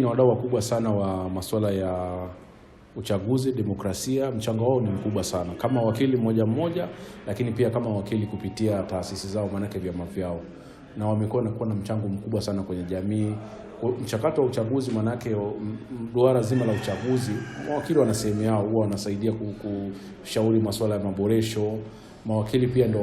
Ni wadau wakubwa sana wa masuala ya uchaguzi, demokrasia. Mchango wao ni mkubwa sana kama wakili mmoja mmoja, lakini pia kama wakili kupitia taasisi zao, maanake vyama vyao, na wamekuwa na kuwa na mchango mkubwa sana kwenye jamii, mchakato wa uchaguzi, maanake duara zima la uchaguzi. Mawakili wana sehemu yao, huwa wanasaidia kushauri masuala ya maboresho. Mawakili pia ndio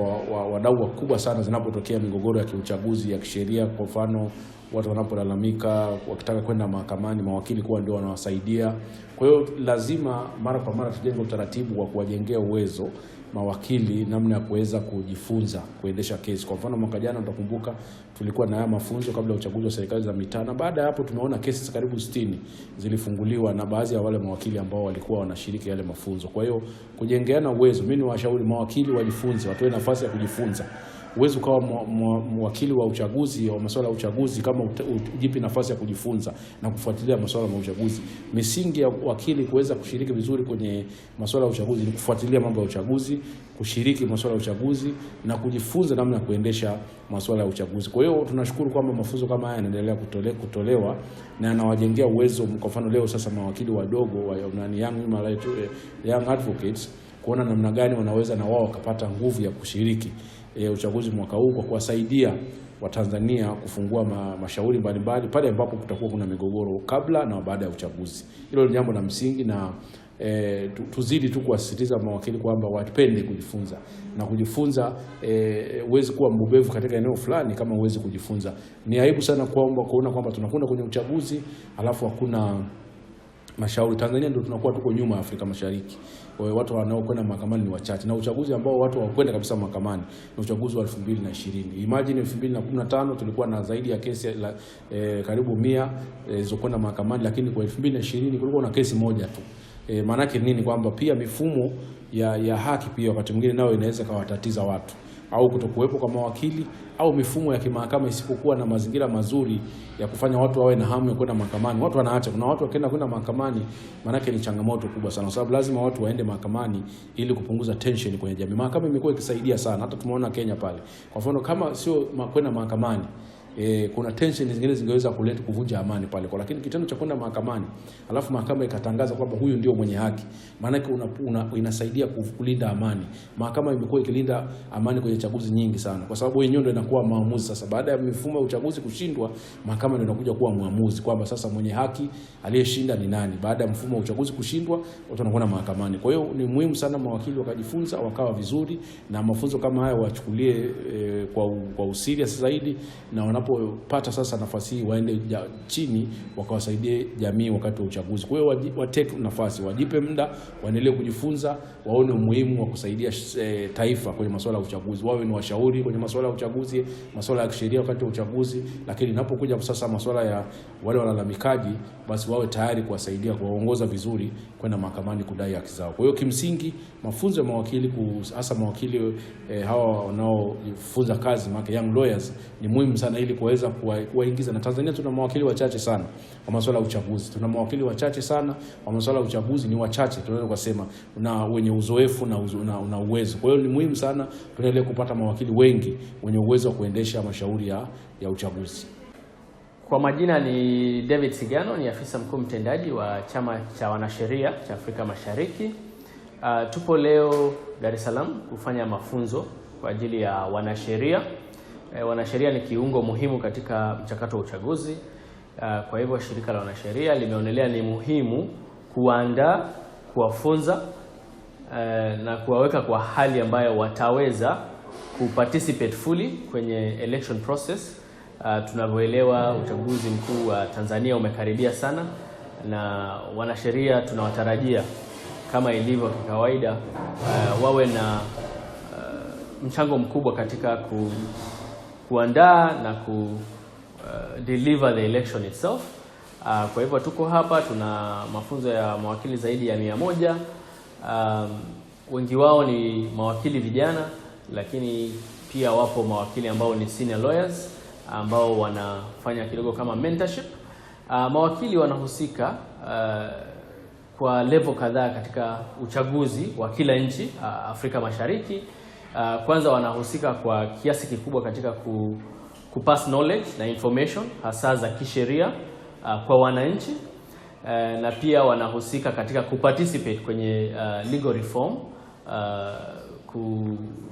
wadau wakubwa sana zinapotokea migogoro ya kiuchaguzi ya kisheria, kwa mfano watu wanapolalamika, wakitaka kwenda mahakamani, mawakili kuwa ndio wanawasaidia. Kwa hiyo lazima mara kwa mara tujenge utaratibu wa kuwajengea uwezo mawakili namna ya kuweza kujifunza kuendesha kesi. Kwa mfano, mwaka jana utakumbuka tulikuwa na haya mafunzo kabla ya uchaguzi wa serikali za mitaa, na baada ya hapo tumeona kesi karibu 60 zilifunguliwa na baadhi ya wale mawakili ambao walikuwa wanashiriki yale mafunzo. Kwa hiyo kujengeana uwezo, mimi ni washauri mawakili wajifunze, watoe nafasi ya kujifunza. Huwezi ukawa mwakili wa uchaguzi au masuala ya uchaguzi kama ujipi nafasi ya kujifunza na kufuatilia masuala ya uchaguzi. Misingi ya wakili kuweza kushiriki vizuri kwenye masuala ya uchaguzi ni kufuatilia mambo ya uchaguzi, kushiriki masuala ya uchaguzi na kujifunza namna ya kuendesha masuala ya uchaguzi. Kwa hiyo tunashukuru kwamba mafunzo kama haya yanaendelea kutole, kutolewa na yanawajengea uwezo. Kwa mfano leo sasa mawakili wadogo wa young, young advocates kuona namna gani wanaweza na wao wakapata nguvu ya kushiriki e, uchaguzi mwaka huu kwa kuwasaidia Watanzania kufungua ma, mashauri mbalimbali pale ambapo kutakuwa kuna migogoro kabla na baada ya uchaguzi. Hilo ni jambo la msingi na E, tuzidi tu kuwasisitiza mawakili kwamba wapende kujifunza na kujifunza. Eh, huwezi e, kuwa mbobevu katika eneo fulani kama huwezi kujifunza. Ni aibu sana kuona kwamba tunakwenda kwenye uchaguzi alafu hakuna mashauri. Tanzania ndio tunakuwa tuko nyuma Afrika Mashariki. Kwa hiyo watu wanaokwenda mahakamani ni wachache, na uchaguzi ambao watu hawakwenda kabisa mahakamani ni uchaguzi wa 2020. Imagine 2015 tulikuwa na zaidi ya kesi la, e, karibu 100 e, zilizokwenda e, mahakamani, lakini kwa 2020 kulikuwa na kesi moja tu. E, maanake nini? Kwamba pia mifumo ya, ya haki pia wakati mwingine nayo inaweza kawatatiza watu au kutokuwepo kwa mawakili au mifumo ya kimahakama isipokuwa na mazingira mazuri ya kufanya watu wawe na hamu ya kwenda mahakamani. Watu wanaacha, kuna watu wakienda kwenda mahakamani, maanake ni changamoto kubwa sana, kwa sababu lazima watu waende mahakamani ili kupunguza tension kwenye jamii. Mahakama imekuwa ikisaidia sana, hata tumeona Kenya pale, kwa mfano kama sio kwenda mahakamani e, kuna tension zingine zingeweza kuleta kuvunja amani pale kwa, lakini kitendo cha kwenda mahakamani alafu mahakama ikatangaza kwamba huyu ndio mwenye haki, maana yake inasaidia kulinda amani. Mahakama imekuwa ikilinda amani kwenye chaguzi nyingi sana, kwa sababu yenyewe ndio inakuwa maamuzi. Sasa baada ya mifumo ya uchaguzi kushindwa, mahakama ndio inakuja kuwa muamuzi kwamba sasa mwenye haki aliyeshinda ni nani. Baada ya mfumo wa uchaguzi kushindwa, watu wanakwenda mahakamani. Kwa hiyo ni muhimu sana mawakili wakajifunza, wakawa vizuri na mafunzo kama haya wachukulie e, kwa, kwa usiri zaidi na wanapopata sasa nafasi hii waende ja, chini wakawasaidie jamii wakati wa uchaguzi. Kwa hiyo watetu nafasi, wajipe muda, waendelee kujifunza, waone umuhimu wa kusaidia e, taifa kwenye masuala ya uchaguzi, wawe ni washauri kwenye masuala ya uchaguzi, masuala ya kisheria wakati wa uchaguzi, lakini inapokuja sasa masuala ya wale walalamikaji, basi wawe tayari kuwasaidia, kuwaongoza vizuri kwenda mahakamani kudai haki zao. Kwa hiyo kimsingi mafunzo ya mawakili hasa mawakili e, hawa wanaofunza kazi maana young lawyers ni muhimu sana ili ili kuweza kuwaingiza na Tanzania tuna mawakili wachache sana wa masuala ya uchaguzi, tuna mawakili wachache sana wa masuala ya uchaguzi, ni wachache tunaweza kusema, na wenye uzoefu na, uzo, na, na uwezo. Kwa hiyo ni muhimu sana tuendelee kupata mawakili wengi wenye uwezo wa kuendesha mashauri ya, ya uchaguzi. Kwa majina ni David Sigano, ni afisa mkuu mtendaji wa chama cha wanasheria cha Afrika Mashariki. Uh, tupo leo Dar es Salaam kufanya mafunzo kwa ajili ya wanasheria E, wanasheria ni kiungo muhimu katika mchakato wa uchaguzi. Eh, kwa hivyo shirika la wanasheria limeonelea ni muhimu kuandaa, kuwafunza eh, na kuwaweka kwa hali ambayo wataweza kuparticipate fully kwenye election process. Uh, tunavyoelewa uchaguzi mkuu wa Tanzania umekaribia sana, na wanasheria tunawatarajia kama ilivyo kawaida, uh, wawe na uh, mchango mkubwa katika ku kuandaa na ku uh, deliver the election itself. Uh, kwa hivyo tuko hapa, tuna mafunzo ya mawakili zaidi ya mia moja. Um, wengi wao ni mawakili vijana, lakini pia wapo mawakili ambao ni senior lawyers ambao wanafanya kidogo kama mentorship. Uh, mawakili wanahusika uh, kwa level kadhaa katika uchaguzi wa kila nchi uh, Afrika Mashariki uh, kwanza wanahusika kwa kiasi kikubwa katika ku, pass knowledge na information hasa za kisheria uh, kwa wananchi uh, na pia wanahusika katika kuparticipate kwenye uh, legal reform uh, ku,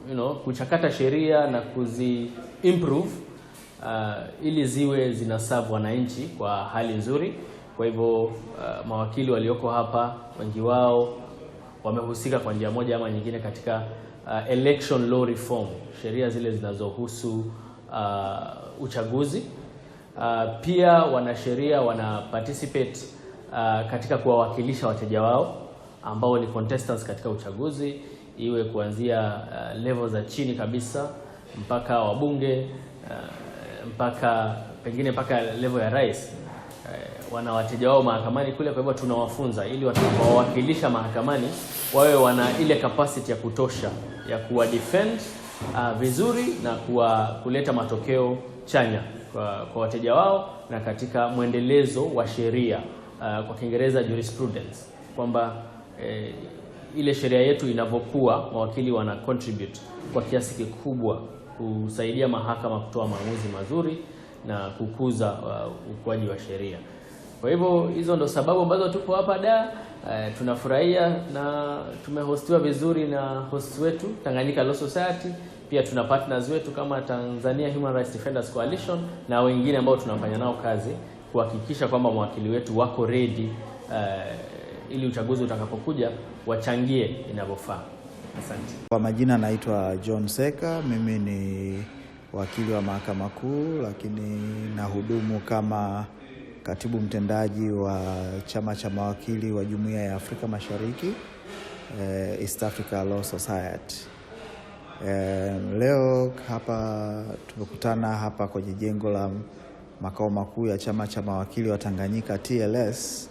you know, kuchakata sheria na kuzi improve uh, ili ziwe zinasavu wananchi kwa hali nzuri. Kwa hivyo uh, mawakili walioko hapa wengi wao wamehusika kwa njia moja ama nyingine katika uh, election law reform, sheria zile zinazohusu uh, uchaguzi. Uh, pia wanasheria wana participate uh, katika kuwawakilisha wateja wao ambao ni contestants katika uchaguzi, iwe kuanzia uh, level za chini kabisa mpaka wabunge uh, mpaka pengine mpaka level ya rais. Eh, wana wateja wao mahakamani kule. Kwa hivyo tunawafunza ili watakaowakilisha mahakamani wawe wana ile capacity ya kutosha ya kuwa defend uh, vizuri na kuwa kuleta matokeo chanya kwa, kwa wateja wao na katika mwendelezo wa sheria uh, kwa Kiingereza jurisprudence, kwamba eh, ile sheria yetu inavyokuwa, mawakili wana contribute kwa kiasi kikubwa kusaidia mahakama kutoa maamuzi mazuri na kukuza uh, ukuaji wa sheria. Kwa hivyo hizo ndo sababu ambazo tupo hapa da. Uh, tunafurahia na tumehostiwa vizuri na host wetu Tanganyika Law Society. Pia tuna partners wetu kama Tanzania Human Rights Defenders Coalition na wengine ambao tunafanya nao kazi kuhakikisha kwamba mawakili wetu wako ready uh, ili uchaguzi utakapokuja wachangie inavyofaa. Asante. Kwa majina naitwa John Seka, mimi ni wakili wa mahakama kuu, lakini na hudumu kama katibu mtendaji wa chama cha mawakili wa jumuiya ya Afrika Mashariki eh, East Africa Law Society. Eh, leo hapa tumekutana hapa kwenye jengo la makao makuu ya chama cha mawakili wa Tanganyika TLS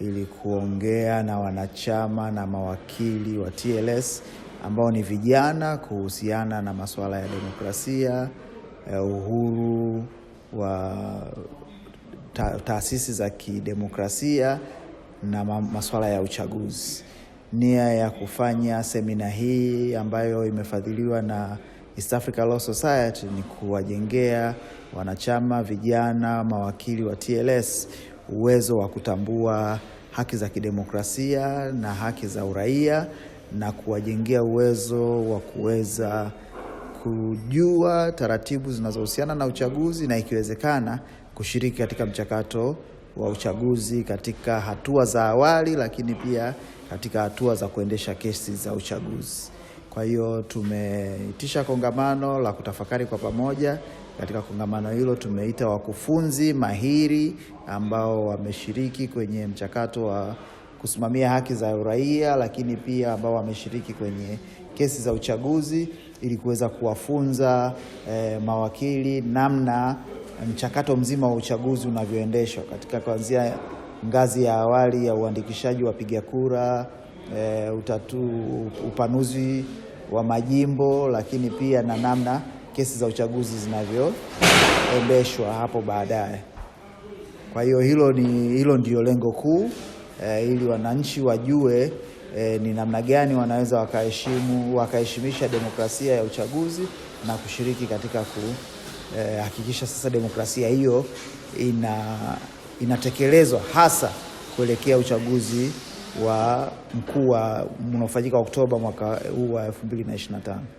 ili kuongea na wanachama na mawakili wa TLS ambao ni vijana kuhusiana na masuala ya demokrasia, uhuru wa ta, taasisi za kidemokrasia na masuala ya uchaguzi. Nia ya kufanya semina hii ambayo imefadhiliwa na East Africa Law Society ni kuwajengea wanachama vijana, mawakili wa TLS uwezo wa kutambua haki za kidemokrasia na haki za uraia na kuwajengea uwezo wa kuweza kujua taratibu zinazohusiana na uchaguzi na ikiwezekana kushiriki katika mchakato wa uchaguzi katika hatua za awali, lakini pia katika hatua za kuendesha kesi za uchaguzi. Kwa hiyo tumeitisha kongamano la kutafakari kwa pamoja. Katika kongamano hilo tumeita wakufunzi mahiri ambao wameshiriki kwenye mchakato wa kusimamia haki za uraia, lakini pia ambao wameshiriki kwenye kesi za uchaguzi ili kuweza kuwafunza eh, mawakili namna mchakato mzima wa uchaguzi unavyoendeshwa katika kuanzia ngazi ya awali ya uandikishaji wa wapiga kura e, utatu, upanuzi wa majimbo, lakini pia na namna kesi za uchaguzi zinavyoendeshwa hapo baadaye. Kwa hiyo hilo ni hilo ndio lengo kuu e, ili wananchi wajue e, ni namna gani wanaweza wakaheshimu wakaheshimisha demokrasia ya uchaguzi na kushiriki katika kuhakikisha eh, e, sasa demokrasia hiyo ina inatekelezwa hasa kuelekea uchaguzi wa mkuu unaofanyika Oktoba mwaka huu wa 2025.